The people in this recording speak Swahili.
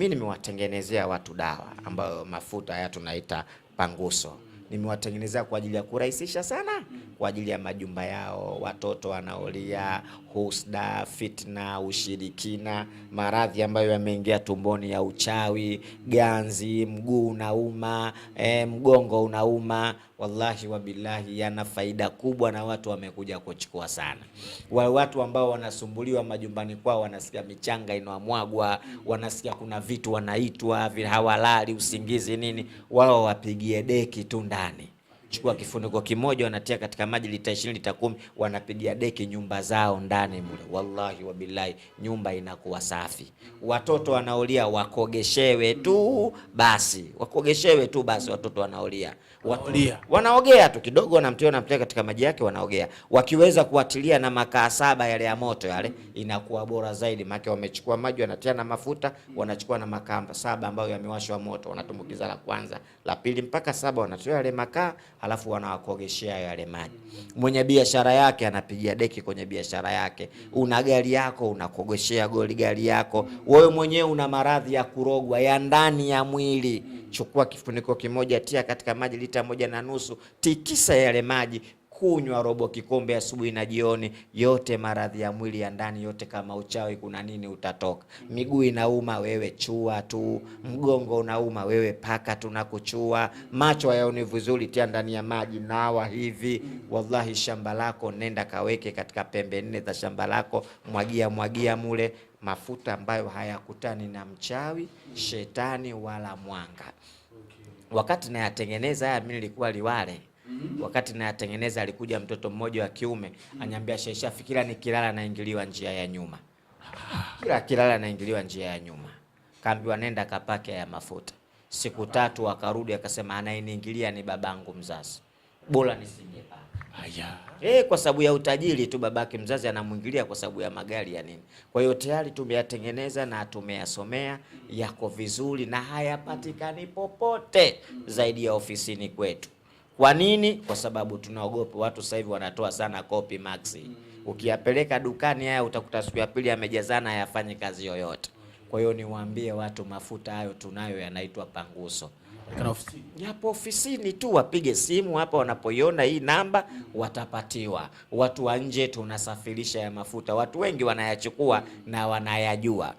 mimi nimewatengenezea watu dawa ambayo mafuta haya tunaita panguso nimewatengenezea kwa ajili ya kurahisisha sana kwa ajili ya majumba yao, watoto wanaolia, husda, fitna, ushirikina, maradhi ambayo yameingia tumboni ya uchawi, ganzi, mguu unauma, e, mgongo unauma. Wallahi wabillahi, yana faida kubwa na watu wamekuja kuchukua sana. Wale watu ambao wanasumbuliwa majumbani kwao, wanasikia michanga inamwagwa, wanasikia kuna vitu wanaitwa, hawalali usingizi nini, wao wapigie deki tunda berani chukua kifuniko kimoja, wanatia katika maji lita 20 lita 10, wanapigia deki nyumba zao ndani mle. Wallahi wabillahi, nyumba inakuwa safi. Watoto wanaolia wakogeshewe tu basi, wakogeshewe tu basi. Watoto wanaolia wanaogea, wanaogea tu kidogo, wanamtia wanamtia katika maji yake, wanaogea. Wakiweza kuatilia na makaa saba yale ya moto yale, inakuwa bora zaidi, maana wamechukua maji wanatia na mafuta, wanachukua na makaa saba ambayo yamewashwa moto, wanatumbukiza la kwanza, la pili mpaka saba, wanatoa yale makaa alafu wanawakogeshea yale maji. Mwenye biashara yake anapigia deki kwenye biashara yake, una gari yako unakogeshea goli gari yako. Wewe mwenyewe una maradhi ya kurogwa ya ndani ya mwili, chukua kifuniko kimoja, tia katika maji lita moja na nusu, tikisa yale maji kunywa robo kikombe asubuhi na jioni, yote maradhi ya mwili ya ndani yote, kama uchawi kuna nini utatoka. Miguu inauma, wewe chua tu. Mgongo unauma, wewe paka tunakuchua. Macho hayaoni vizuri, tia ndani ya maji, nawa hivi. Wallahi, shamba lako nenda kaweke katika pembe nne za shamba lako, mwagia mwagia mule mafuta ambayo hayakutani na mchawi, shetani wala mwanga. Wakati nayatengeneza haya, mimi nilikuwa Liwale -hmm. Wakati nayatengeneza alikuja mtoto mmoja wa kiume mm -hmm. Anyambia Sheikh Shafi, nikilala naingiliwa njia ya nyuma, kila kilala naingiliwa njia ya nyuma. Kaambiwa nenda kapake ya mafuta. Siku tatu akarudi akasema, anayeniingilia ni babangu mzazi, bora nisingepaka. Aya. Eh, kwa sababu ya utajiri tu babake mzazi anamwingilia kwa sababu ya magari ya nini. Kwa hiyo tayari tumeyatengeneza na tumeyasomea yako vizuri na hayapatikani popote mhm. zaidi ya ofisini kwetu. Kwa nini? Kwa sababu tunaogopa. Watu sasa hivi wanatoa sana copy max. Ukiyapeleka dukani haya utakuta siku ya pili yamejazana, hayafanyi kazi yoyote. Kwa hiyo niwaambie watu, mafuta hayo tunayo, yanaitwa Panguso. Japo ofisini tu wapige simu hapa, wanapoiona hii namba watapatiwa. Watu wa nje tunasafirisha ya mafuta, watu wengi wanayachukua na wanayajua.